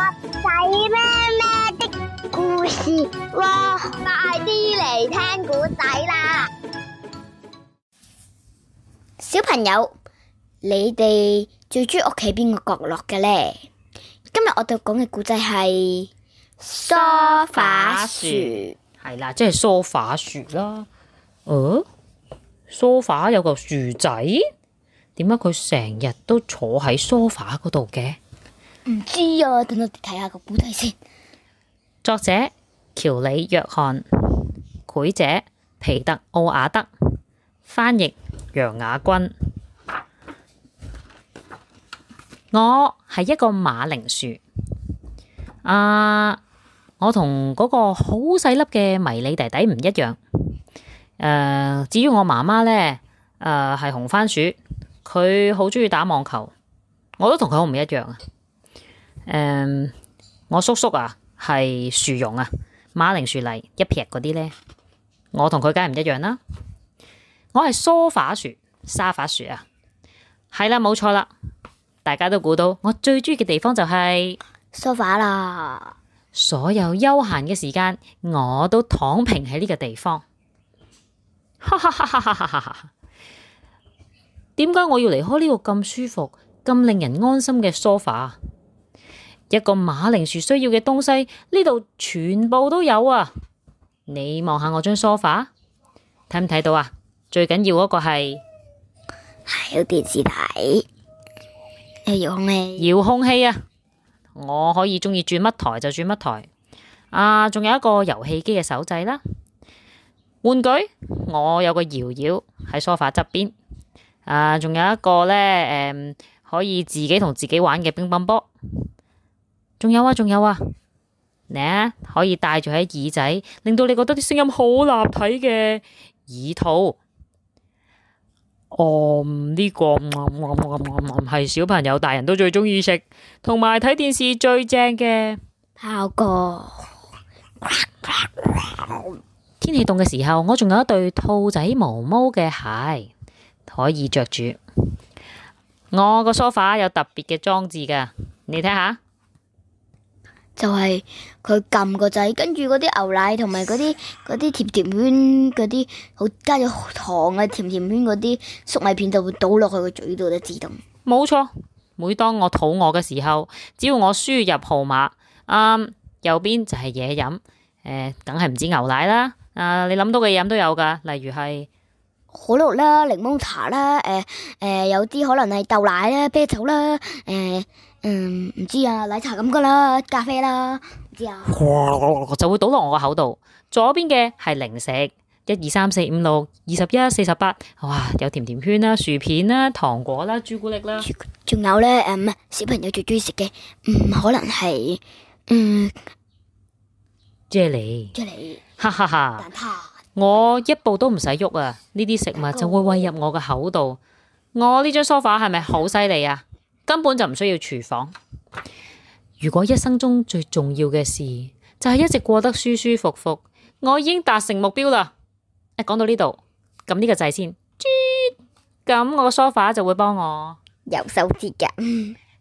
仔咩咩的故事喎，快啲嚟聽古仔啦！小朋友，你哋最中意屋企邊個角落嘅呢？今日我哋講嘅古仔係梳化薯，係啦，即係梳化薯啦。哦、啊，梳化有嚿薯仔，點解佢成日都坐喺梳化嗰度嘅？唔知啊，等我睇下個古仔先。作者：喬里約翰，繪者：皮特奧瓦德，翻譯：楊雅鈞。我係一個馬鈴薯啊！我同嗰個好細粒嘅迷你弟弟唔一樣。誒、啊，至於我媽媽呢，誒、啊、係紅番薯，佢好中意打網球，我都同佢好唔一樣啊！誒，um, 我叔叔啊係薯蓉啊，馬鈴薯嚟一撇嗰啲呢。我同佢梗係唔一樣啦。我係梳化薯，沙發薯啊，係啦，冇錯啦，大家都估到。我最中意嘅地方就係、是、梳化啦。所有休閒嘅時間，我都躺平喺呢個地方。哈哈哈哈哈哈哈！點解我要離開呢個咁舒服、咁令人安心嘅梳化？一個馬鈴薯需要嘅東西呢度全部都有啊！你望下我張梳化，睇唔睇到啊？最緊要嗰個係係個電視台，個遙控器，遙控器啊！我可以中意轉乜台就轉乜台啊！仲有一個遊戲機嘅手掣啦，玩具我有個搖搖喺梳化側邊啊！仲有一個咧，誒，可以自己同自己玩嘅乒乓波。仲有啊，仲有啊，嚟啊！可以戴住喺耳仔，令到你覺得啲聲音好立體嘅耳套。哦，呢個唔係小朋友、大人都最鍾意食，同埋睇電視最正嘅效果。天氣凍嘅時候，我仲有一對兔仔毛毛嘅鞋可以着住。我個梳化有特別嘅裝置噶，你睇下。就係佢撳個掣，跟住嗰啲牛奶同埋嗰啲啲甜甜圈嗰啲，好加咗糖嘅甜甜圈嗰啲粟米片就會倒落去個嘴度，就自動。冇錯，每當我肚餓嘅時候，只要我輸入號碼，啊、嗯，右邊就係嘢飲，誒、呃，梗係唔止牛奶啦，啊、呃，你諗到嘅嘢飲都有噶，例如係可樂啦、檸檬茶啦，誒、呃、誒、呃，有啲可能係豆奶啦、啤酒啦，誒、呃。嗯，唔知啊，奶茶咁噶啦，咖啡啦，唔知啊，就會倒落我個口度。左邊嘅係零食，一二三四五六二十一四十八，哇，有甜甜圈啦、啊、薯片啦、啊、糖果啦、啊、朱古力啦、啊，仲有咧，嗯，小朋友最中意食嘅，唔可能係，嗯，啫喱，啫、嗯、喱，哈哈哈，我一步都唔使喐啊，呢啲食物就會喂入我嘅口度。我呢張梳化 f 係咪好犀利啊？根本就唔需要廚房。如果一生中最重要嘅事就係一直過得舒舒服服，我已經達成目標啦。講到呢度，撳呢個掣先。咁我個梳化就會幫我油手指甲，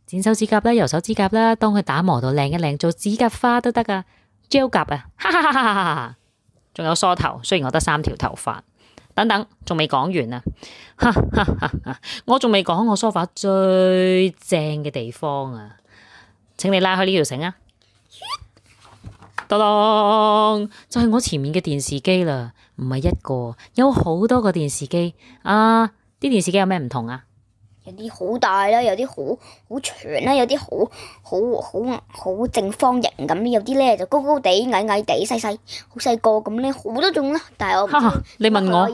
剪手指甲啦，油手指甲啦，當佢打磨到靚一靚，做指甲花都得噶，Gel 甲啊，哈哈哈，哈！仲有梳頭，雖然我得三條頭髮。等等，仲未講完啊！ 我仲未講我梳化最正嘅地方啊，請你拉開呢條繩啊！當當，就係我前面嘅電視機啦，唔係一個，有好多個電視機啊！啲電視機有咩唔同啊？有啲好大啦，有啲好好長啦，有啲好好好好正方形咁，有啲咧就高高地、矮矮地、細細、好細個咁咧，好多種啦。但係我唔知，哈哈，你問我，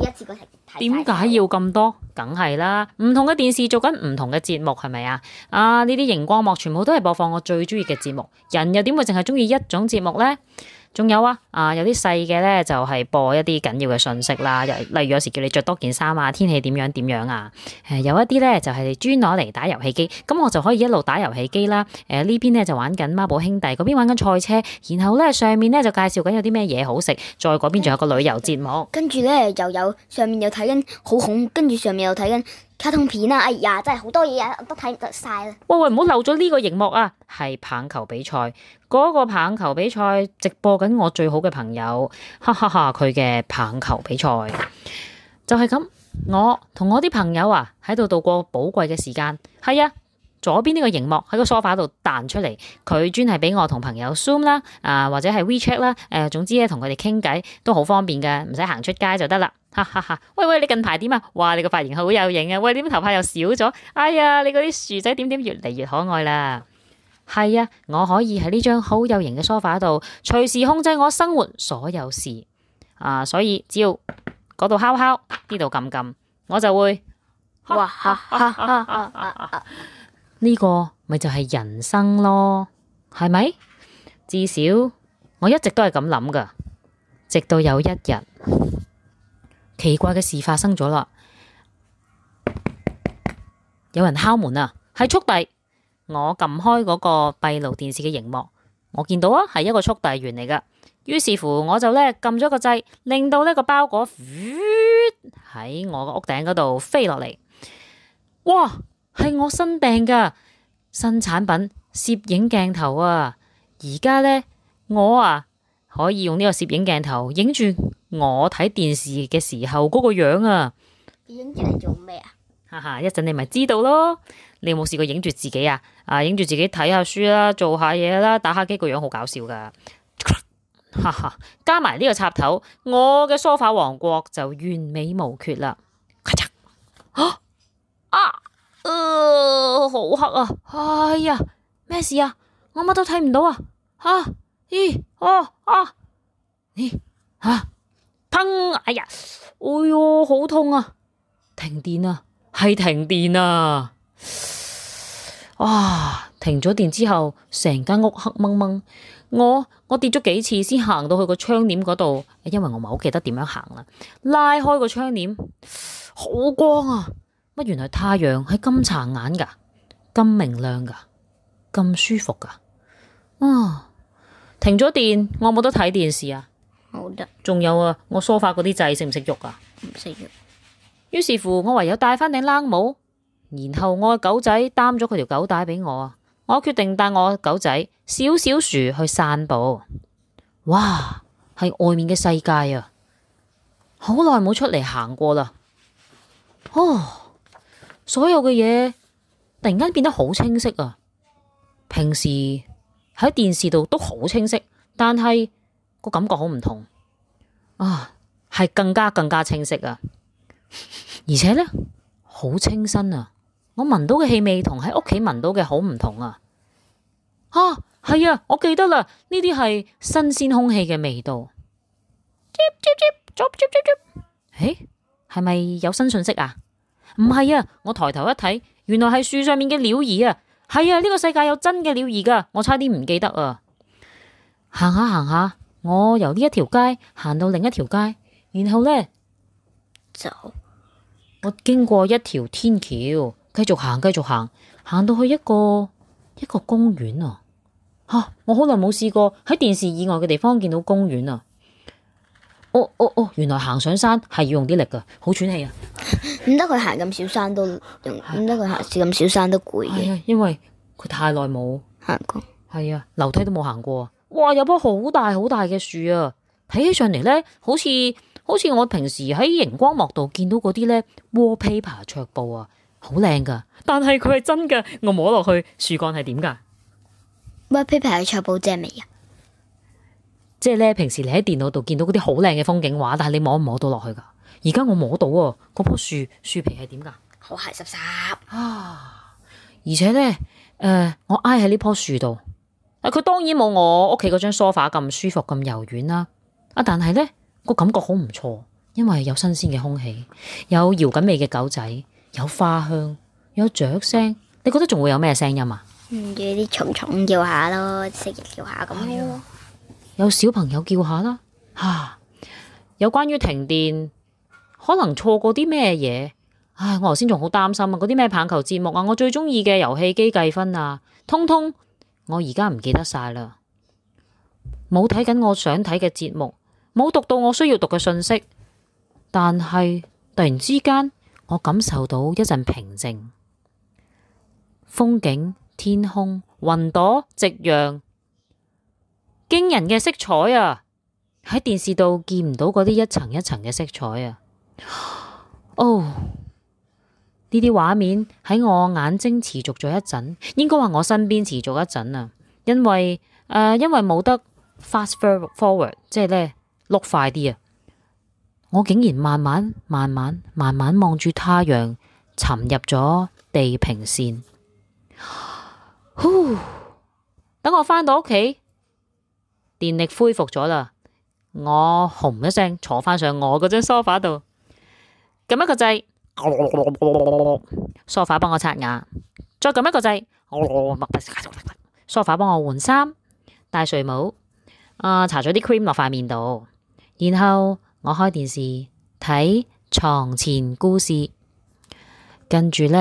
點解要咁多？梗係啦，唔同嘅電視做緊唔同嘅節目係咪啊？啊，呢啲熒光幕全部都係播放我最中意嘅節目，人又點會淨係中意一種節目咧？仲有啊，啊有啲細嘅咧就係、是、播一啲緊要嘅信息啦，例如有時叫你着多件衫啊，天氣點樣點樣啊，誒、呃、有一啲咧就係專攞嚟打遊戲機，咁我就可以一路打遊戲機啦，誒、呃、呢邊咧就玩緊孖寶兄弟，嗰邊玩緊賽車，然後咧上面咧就介紹緊有啲咩嘢好食，再嗰邊仲有個旅遊節目，跟住咧又有上面又睇緊好恐，跟住上面又睇緊。卡通片啊，哎呀，真係好多嘢啊，我都睇得晒啦。喂喂，唔好漏咗呢個熒幕啊，係棒球比賽，嗰個棒球比賽直播緊我最好嘅朋友，哈哈哈，佢嘅棒球比賽就係咁，我同我啲朋友啊喺度度過寶貴嘅時間，係啊。左邊呢個熒幕喺個梳化度彈出嚟，佢專係俾我同朋友 zoom 啦、呃、啊，或者係 WeChat 啦、呃，誒總之咧同佢哋傾偈都好方便嘅，唔使行出街就得啦。哈哈哈！喂喂，你近排點啊？哇，你個髮型好有型啊！喂，點頭髮又少咗？哎呀，你嗰啲薯仔點點越嚟越可愛啦。係啊，我可以喺呢張好有型嘅梳化度隨時控制我生活所有事啊，所以只要嗰度敲敲，呢度撳撳，我就會哇哈哈哈！呢個咪就係人生咯，係咪？至少我一直都係咁諗噶直到有一日奇怪嘅事發生咗啦，有人敲門啊，係速遞。我撳開嗰個閉路電視嘅熒幕，我見到啊，係一個速遞員嚟噶。於是乎，我就咧撳咗個掣，令到呢個包裹喺我個屋頂嗰度飛落嚟，哇！係我新病，噶新產品攝影鏡頭啊！而家呢，我啊可以用呢個攝影鏡頭影住我睇電視嘅時候嗰個樣啊！影住嚟做咩啊？哈哈！一陣你咪知道咯。你有冇試過影住自己啊？啊，影住自己睇下書啦、啊，做下嘢啦，打下機個樣好搞笑噶！哈哈，加埋呢個插頭，我嘅梳化王國就完美無缺啦！咔嚓，啊啊！呃，好黑啊！哎呀，咩事啊？我乜都睇唔到啊！吓，咦？啊，啊！咦、哎？吓、哦！砰、啊！哎呀！哎喲，好痛啊！停電啊，係停電啊！哇！停咗電之後，成間屋黑掹掹。我我跌咗幾次，先行到去個窗簾嗰度，因為我唔係好記得點樣行啦。拉開個窗簾，好光啊！乜原來太陽係咁殘眼噶，咁明亮噶，咁舒服噶。啊！停咗電，我冇得睇電視啊。好得的。仲有啊，我梳發嗰啲掣識唔識喐啊？唔識喐。於是乎，我唯有戴翻頂冷帽。然後我嘅狗仔擔咗佢條狗帶俾我啊。我決定帶我狗仔小小薯去散步。哇！係外面嘅世界啊，好耐冇出嚟行過啦。哦、啊。所有嘅嘢突然間變得好清晰啊！平時喺電視度都好清晰，但係個感覺好唔同啊，係更加更加清晰啊！而且呢，好清新啊！我聞到嘅氣味同喺屋企聞到嘅好唔同啊！啊，係啊！我記得啦，呢啲係新鮮空氣嘅味道。接接接，左接接接。誒，係咪有新信息啊？唔係啊！我抬頭一睇，原來係樹上面嘅鳥兒啊！係啊，呢、這個世界有真嘅鳥兒噶，我差啲唔記得啊！行下行下，我由呢一條街行到另一條街，然後咧就走我經過一條天橋，繼續行，繼續行，行到去一個一個公園啊！吓、啊，我好耐冇試過喺電視以外嘅地方見到公園啊！哦哦哦，原來行上山係要用啲力噶，好喘氣啊！唔得佢行咁少山都，唔得佢行咁少山都攰嘅。係啊，因為佢太耐冇行過。係啊，樓梯都冇行過。哇，有棵好大好大嘅樹啊！睇起上嚟咧，好似好似我平時喺熒光幕度見到嗰啲咧，Wallpaper 桌布啊，好靚噶。但係佢係真嘅，我摸落去樹幹係點噶？Wallpaper 桌布係未啊？即係咧，平時你喺電腦度見到嗰啲好靚嘅風景畫，但係你摸唔摸到落去噶？而家我摸到啊，嗰棵樹樹皮係點噶？好係濕濕啊！而且咧，誒，我挨喺呢棵樹度啊。佢當然冇我屋企嗰張梳化咁舒服，咁柔軟啦。啊，但係咧，個感覺好唔錯，因為有新鮮嘅空氣，有搖緊尾嘅狗仔，有花香，有雀聲。你覺得仲會有咩聲音啊？嗯，有啲蟲蟲叫下咯，蜥蜴叫下咁樣。有小朋友叫下啦，啊！有關於停電。可能錯過啲咩嘢？唉，我頭先仲好擔心啊！嗰啲咩棒球節目啊，我最中意嘅遊戲機計分啊，通通我而家唔記得晒啦。冇睇緊我想睇嘅節目，冇讀到我需要讀嘅信息，但係突然之間，我感受到一陣平靜，風景、天空、雲朵、夕陽，驚人嘅色彩啊！喺電視度見唔到嗰啲一層一層嘅色彩啊！哦，呢啲畫面喺我眼睛持續咗一陣，應該話我身邊持續一陣啊，因為誒、呃，因為冇得 fast forward，即係咧碌快啲啊。我竟然慢慢、慢慢、慢慢望住太陽沉入咗地平線。呼，等我返到屋企，電力恢復咗啦，我轟一聲坐翻上我嗰張梳化度。撳一個掣梳化 f 幫我刷牙，再撳一個掣梳化 f 幫我換衫，戴睡帽，啊，搽咗啲 cream 落塊面度，然後我開電視睇床前故事，跟住咧，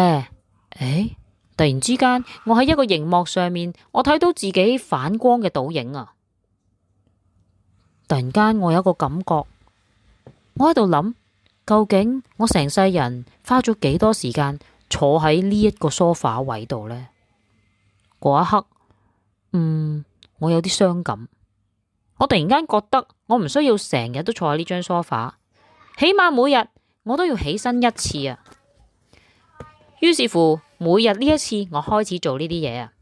誒、哎，突然之間我喺一個熒幕上面，我睇到自己反光嘅倒影啊！突然間我有一個感覺，我喺度諗。究竟我成世人花咗幾多時間坐喺呢一個 sofa 位度呢？嗰一刻，嗯，我有啲傷感。我突然間覺得我唔需要成日都坐喺呢張 sofa，起碼每日我都要起身一次啊。於是乎，每日呢一次，我開始做呢啲嘢啊。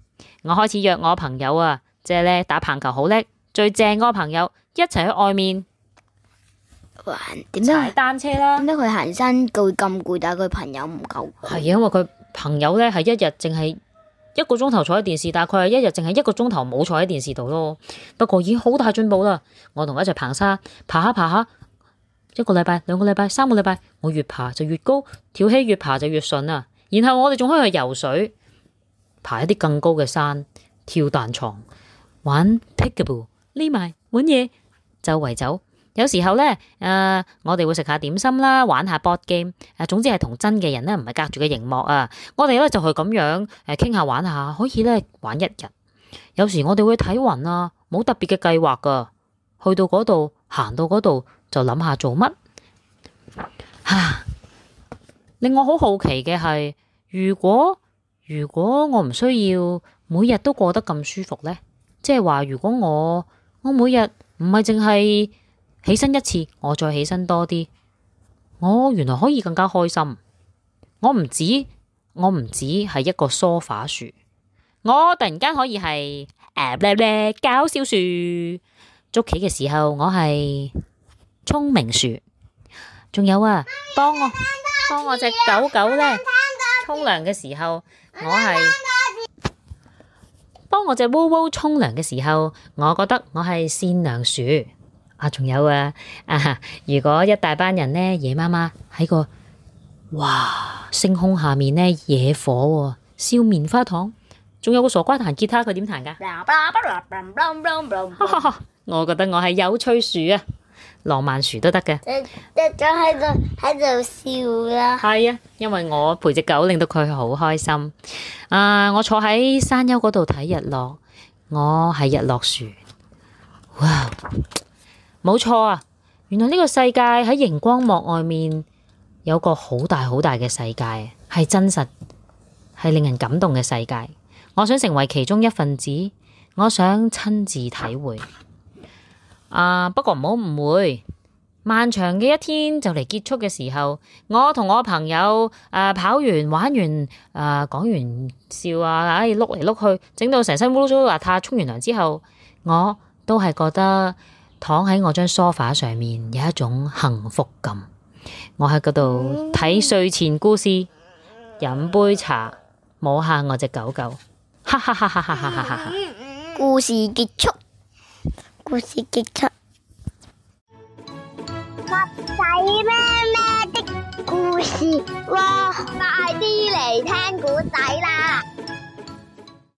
我開始約我朋友啊，即係咧打棒球好叻、最正個朋友一齊去外面。點解踩單車啦？點解佢行山佢咁攰，但係佢朋友唔夠攰。係啊，因為佢朋友咧係一日淨係一個鐘頭坐喺電視，大概係一日淨係一個鐘頭冇坐喺電視度咯。不過已經好大進步啦！我同佢一齊爬山，爬下爬下，一個禮拜、兩個禮拜、三個禮拜，我越爬就越高，跳起越爬就越順啦。然後我哋仲可以去游水，爬一啲更高嘅山，跳彈床，玩 pickleball，匿埋玩嘢，周圍走。有時候咧，誒、啊，我哋會食下點心啦，玩下 board game，誒、啊，總之係同真嘅人咧，唔係隔住嘅熒幕啊。我哋咧就係咁樣，誒、啊，傾下玩下，可以咧玩一日。有時我哋會睇雲啊，冇特別嘅計劃噶。去到嗰度，行到嗰度就諗下做乜吓、啊。令我好好奇嘅係，如果如果我唔需要每日都過得咁舒服咧，即係話如果我我每日唔係淨係。起身一次，我再起身多啲，我、哦、原來可以更加開心。我唔止，我唔止係一個梳化薯，我突然間可以係、啊、搞笑薯。捉棋嘅時候，我係聰明薯。仲有啊，幫我幫我隻狗狗咧沖涼嘅時候，我係幫我隻嗚嗚沖涼嘅時候，我覺得我係善良薯。啊，仲有啊！啊，如果一大班人咧，夜媽媽喺個哇星空下面咧，野火燒、啊、棉花糖，仲有個傻瓜彈吉他，他彈，佢點彈噶？哈哈哈！我覺得我係有趣樹啊，浪漫樹都得嘅。隻隻喺度喺度笑啦。係、就是、啊，啊，因為我陪隻狗令到佢好開心。啊，我坐喺山丘嗰度睇日落，我係日落樹。哇！冇錯啊！原來呢個世界喺熒光幕外面有個好大好大嘅世界，係真實，係令人感動嘅世界。我想成為其中一份子，我想親自體會啊。不過唔好誤會，漫長嘅一天就嚟結束嘅時候，我同我朋友誒、啊、跑完、玩完、誒、啊、講完笑啊，哎碌嚟碌去，到整到成身烏糟邋遢，沖完涼之後，我都係覺得。躺喺我張梳化上面有一種幸福感，我喺嗰度睇睡前故事，飲杯茶，摸下我隻狗狗，哈哈哈哈哈哈哈哈，嗯嗯、故事結束，故事結束，襪仔咩咩的故事？哇，快啲嚟聽古仔啦！